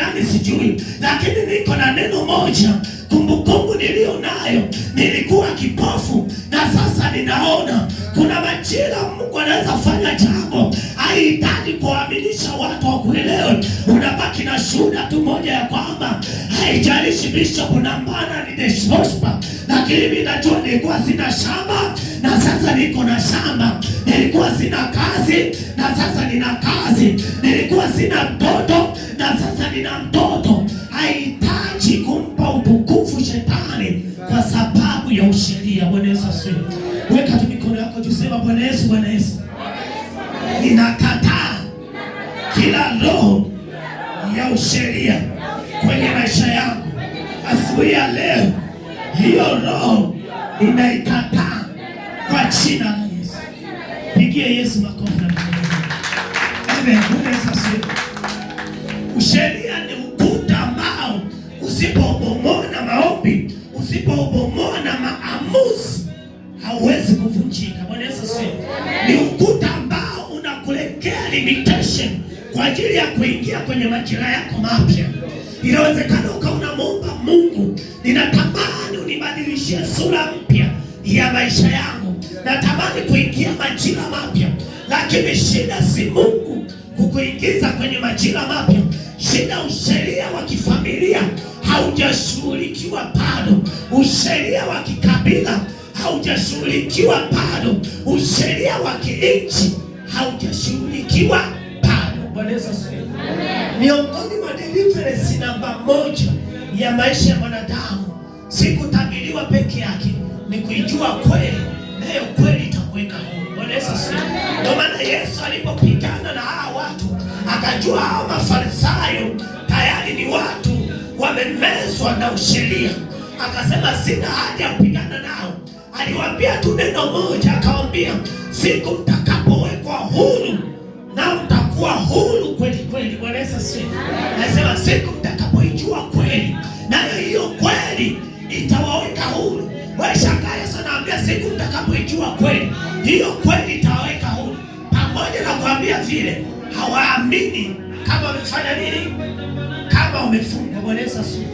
nani sijui, lakini niko na neno moja. Kumbukumbu niliyo nayo, nilikuwa kipofu na sasa ninaona. Kuna majira Mungu anaweza fanya jambo, haihitaji kuaminisha watu wakuelewe, unabaki na shuhuda tu moja ya kwamba haijalishi Bishop Nambana ni Prosper, lakini mimi najua nilikuwa sina shamba na sasa niko na shamba. Nilikuwa sina kazi na sasa nina kazi. Nilikuwa sina mtoto na sasa nina mtoto. Haitaji kumpa utukufu shetani kwa sababu ya usheria. Bwana Yesu asifiwe. Weka tu mikono yako juu, sema Bwana Yesu, Bwana Yesu, ninakataa kila roho ya usheria kwenye maisha yangu asubuhi ya leo, hiyo roho inaita Kanisa ni ukuta ambao usipoubomoa na maombi, usipoubomoa na maamuzi, hauwezi kuvunjika. Bwana Yesu asifiwe. Ni ukuta ambao unakulekea limitation kwa ajili ya kuingia kwenye majira yako mapya. Inawezekana ukawa unamwomba Mungu, ninatamani unibadilishie sura mpya ya maisha yangu, natamani kuingia majira mapya, lakini shida si Mungu kukuingiza kwenye majira mapya. Sina usheria wa kifamilia haujashughulikiwa bado, usheria wa kikabila haujashughulikiwa bado, usheria wa kinchi haujashughulikiwa bado. Bwana Yesu asifiwe. Miongoni mwa deliverance namba moja ya maisha ya mwanadamu si kutabiriwa peke yake, ni kuijua kweli, nayo kweli itakuweka huru. Bwana Yesu asifiwe. Ndio maana Yesu alipopigana na hawa watu akajua hao mafarisayo tayari ni watu wamemezwa na usheria, akasema sina haja ya kupigana nao. Aliwaambia tu neno moja, akawambia siku mtakapowekwa huru na mtakuwa huru kweli kweli. Bwana Yesu asifiwe. Anasema siku mtakapoijua kweli, nayo hiyo kweli itawaweka huru. Washaka Yesu anaambia siku mtakapoijua kweli, hiyo kweli itawaweka huru, pamoja na kuambia vile hawaamini kama wamefanya nini, kama wamefunga. Bwana Yesu asifiwe.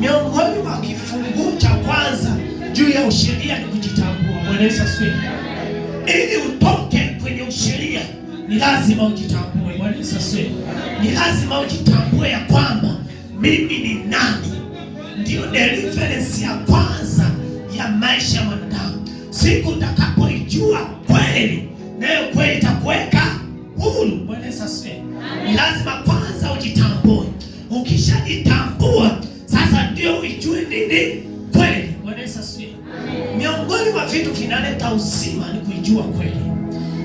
Miongoni mwa kifungu cha kwanza juu ya usheria ni kujitambua. Bwana Yesu asifiwe. Ili utoke kwenye usheria ni lazima ujitambue. Bwana Yesu asifiwe. Ni lazima ujitambue ya kwamba mimi ni nani. ndio deliverance ya kwanza ya maisha ya mwanadamu. Siku utakapoijua kweli, nayo kweli itakuwa lazima kwanza ujitambue. Ukishajitambua sasa ndio ujue nini kweli. Bwana Yesu asifiwe. Miongoni mwa vitu vinaleta uzima ni kuijua kweli.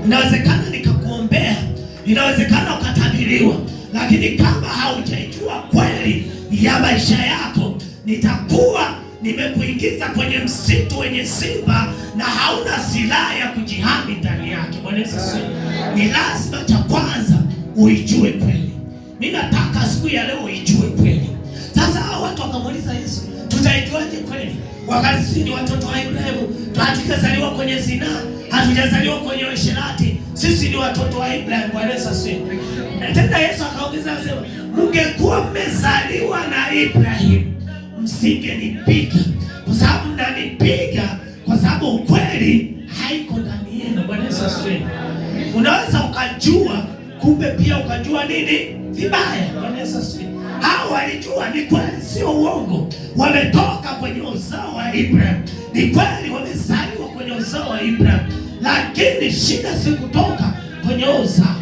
Inawezekana nikakuombea, inawezekana ukatabiriwa, lakini kama haujaijua kweli ya maisha yako, nitakuwa nimekuingiza kwenye msitu wenye simba na hauna silaha ya kujihami ndani yake. Bwana Yesu asifiwe. Ni lazima cha kwanza uijue kweli. Mimi nataka siku ya leo uijue kweli. Sasa hao watu wakamuuliza Yesu, tutaijuaje kweli wakati sisi ni watoto wa Ibrahimu? Hatujazaliwa kwenye zinaa, hatujazaliwa kwenye uasherati, sisi ni watoto wa Ibrahimu. Bwana Yesu asifiwe. Tena Yesu akaongeza sema, mngekuwa mmezaliwa na Ibrahimu msingenipiga, kwa sababu mnanipiga kwa sababu ukweli haiko ndani yenu. Bwana Yesu asifiwe. Unaweza ukajua kumbe pia ukajua nini vibaya. Bwana Yesu asifiwe. Hao walijua ni kweli, sio uongo, wametoka kwenye uzao wa Ibrahim, ni kweli wamezaliwa kwenye uzao wa Ibrahim, lakini shida si kutoka kwenye uzao,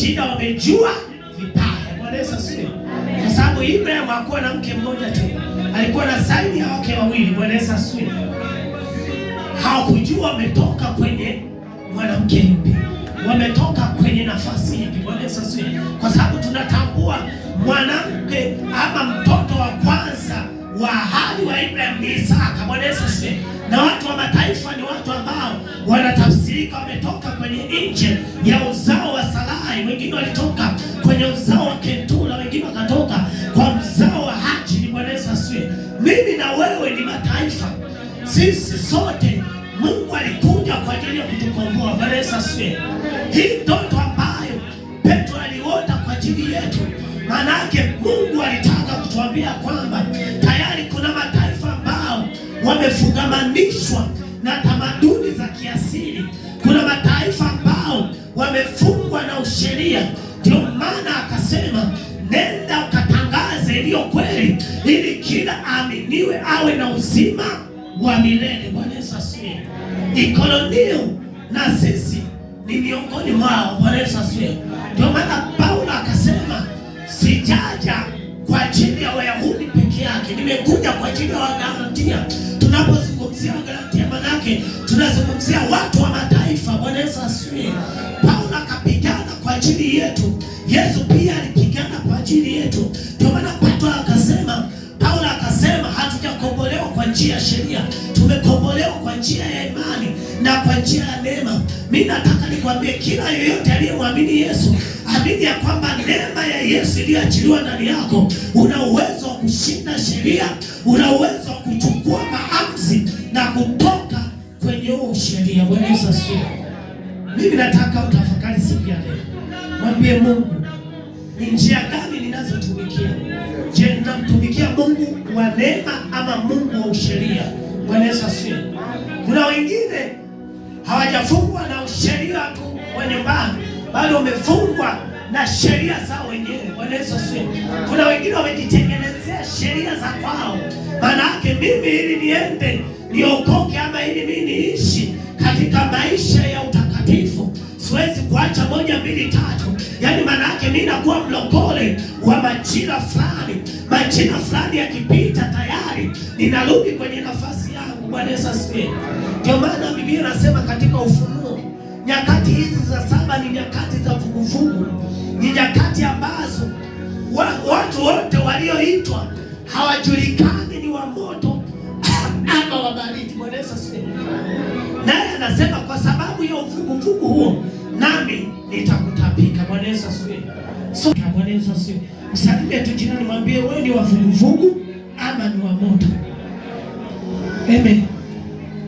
shida wamejua vibaya. Bwana Yesu asifiwe. Kwa sababu Ibrahim hakuwa na mke mmoja tu, alikuwa na zaidi ya wake wawili. Bwana Yesu asifiwe. Hawakujua wametoka kwenye mwanamke yupi, wametoka Yesu asifiwe, kwa sababu tunatambua mwanamke ama mtoto wa kwanza wa hali wa Ibrahim ni Isaka. Bwana Yesu asifiwe. Na watu wa mataifa ni watu ambao wanatafsirika wametoka kwenye nje ya uzao wa Sarai, wengine walitoka kwenye uzao wa Ketula, wengine wakatoka kwa mzao wa Haji. Ni Bwana Yesu asifiwe. Mimi na wewe ni mataifa, sisi sote Mungu alikuja kwa ajili ya kutukomboa. Bwana Yesu asifiwe. Manake Mungu alitaka kutuambia kwamba tayari kuna mataifa ambao wamefungamanishwa na tamaduni za kiasili. Kuna mataifa ambao wamefungwa na usheria, ndio maana akasema nenda ukatangaze iliyo kweli, ili kila aaminiwe awe na uzima wa milele. Bwana Yesu asifiwe. Ikolonio na sisi ni miongoni mwao. Bwana Yesu asifiwe. Ndio maana sijaja kwa ajili ya Wayahudi peke yake, nimekuja kwa ajili ya Wagalatia. Tunapozungumzia Wagalatia, manake tunazungumzia watu wa mataifa. Bwana Yesu asifiwe. Paulo akapigana kwa ajili yetu. Yesu pia Yesu iliyoachiliwa ndani yako, una uwezo wa kushinda sheria, una uwezo wa kuchukua maamuzi na kutoka kwenye huo sheria. Bwana Yesu asifiwe. Mimi nataka utafakari siku ya leo, mwambie Mungu ni njia gani ninazotumikia? Je, ninamtumikia Mungu wa neema ama Mungu wa usheria? Bwana Yesu asifiwe. Kuna wengine hawajafungwa na usheria tu wa nyumbani, bado wamefungwa na sheria zao wenyewe. Bwana Yesu asifiwe. Kuna wengine wamejitengenezea sheria za kwao, maana yake mimi ili niende niokoke ama ili mimi niishi katika maisha ya utakatifu siwezi kuacha moja mbili tatu, yani maana yake mimi nakuwa mlokole wa majina fulani. majina fulani yakipita, tayari ninarudi kwenye nafasi yangu. Bwana Yesu asifiwe. Ndio maana Biblia inasema katika Ufunuo, nyakati hizi za saba ni nyakati za vuguvugu ni nyakati ambazo watu wote walioitwa hawajulikani ni wa moto ama wa baridi. Bwana Yesu asifiwe. Naye anasema kwa sababu ya uvuguvugu huo, nami nitakutapika. Bwana Yesu asifiwe. So, Bwana Yesu asifiwe. Msalimie tu wewe ni wa vuguvugu ama ni wa moto. Amen.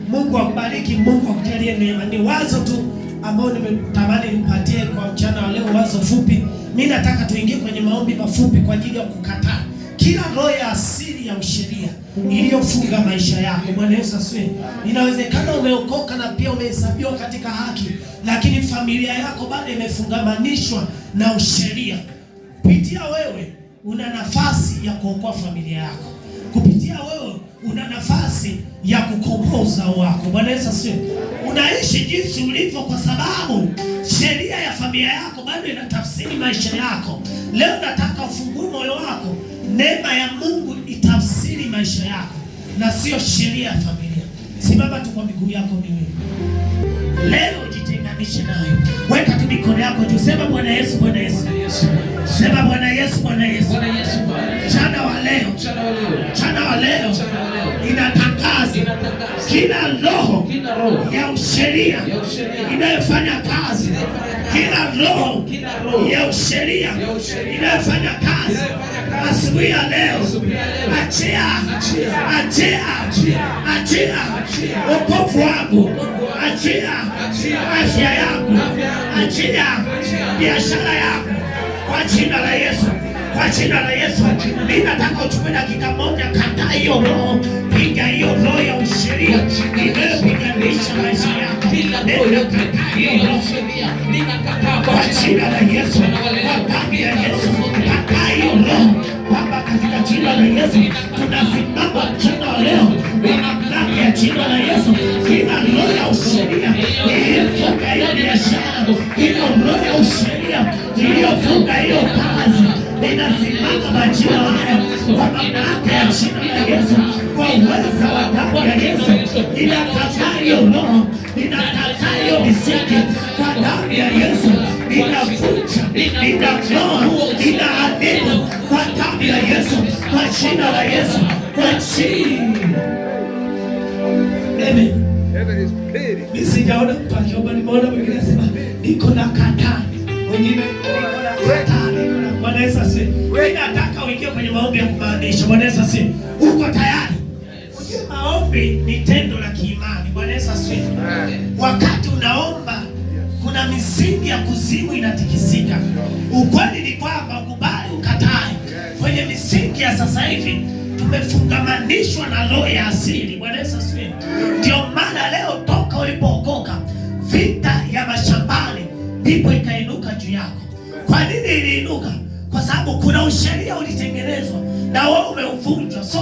Mungu akubariki, Mungu akujalie neema. Ni wazo tu ambao nimetamani nipatie kwa mchana wa leo, wazo fupi. Mi nataka tuingie kwenye maombi mafupi kwa ajili ya kukataa kila roho ya asili ya usheria iliyofunga maisha yako. Bwana Yesu asifiwe. Inawezekana umeokoka na pia umehesabiwa katika haki, lakini familia yako bado imefungamanishwa na usheria. Kupitia wewe una nafasi ya kuokoa familia yako kupitia wewe una nafasi ya kukomboa uzao wako. Bwana Yesu asifiwe. Unaishi jinsi ulivyo kwa sababu sheria ya familia yako bado inatafsiri maisha yako. Leo nataka ufungue moyo wako, neema ya Mungu itafsiri maisha yako na sio sheria ya familia. Simama tu kwa miguu yako miwili leo jilinganishe nayo. Weka tu mikono yako juu, sema Bwana Yesu, Bwana Yesu, sema Bwana Yesu, Bwana Yesu. Mchana wa leo, mchana wa leo inatangaza kila roho ya usheria inayofanya kazi, kila roho ya usheria inayofanya kazi asubuhi ya leo, achia achia achia wokovu wangu, achia afya yangu, achia biashara yangu kwa jina la Yesu, kwa jina la Yesu. Ninataka uchukue dakika moja, kata hiyo roho, piga hiyo roho ya usheria inayopiganisha maisha yako. Kwa jina la Yesu, kwa damu ya Yesu isso, toda fita batida leu, vem matar quietinho, é olha isso, que na o auxilia, e eu vou cair deixado, que na glória auxilia, e eu vou cair o caso, vem na cilada tá batida lá, vou matar quietinho, é olha isso, conversa, o ataque, olha é isso, e na catar eu não, e na catar eu me sinto, catar, isso, e na fute, e na flor, e na adendo, ya Yesu, kwa jina la Yesu, kwa jina. Nisijaona nimeona niko na wengine Bwana Yesu asifiwe. Mimi nataka uingie kwenye maombi ya Bwana Yesu asifiwe. Uko tayari? Yes. Maombi ni tendo la kiimani. Bwana Yesu asifiwe. Wakati unaomba kuna misingi ya kuzimu inatikisika. Ukweli ni kwamba ya sasa hivi tumefungamanishwa na roho ya asili. Bwana Yesu asifiwe. Ndio maana leo toka ulipookoka, vita ya mashambani ndipo ikainuka juu yako. Kwa nini iliinuka? Kwa sababu kuna usheria ulitengenezwa na wewe umeuvunjwa. So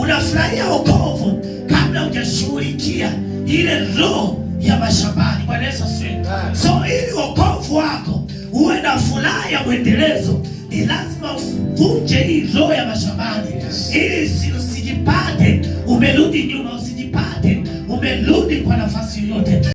unafurahia wokovu kabla hujashughulikia ile roho ya mashambani. Bwana Yesu asifiwe. So ili wokovu wako uwe na furaha ya mwendelezo ni lazima uvunje hii roho ya mashambani, ili usijipate umerudi nyuma, usijipate umerudi kwa nafasi yoyote.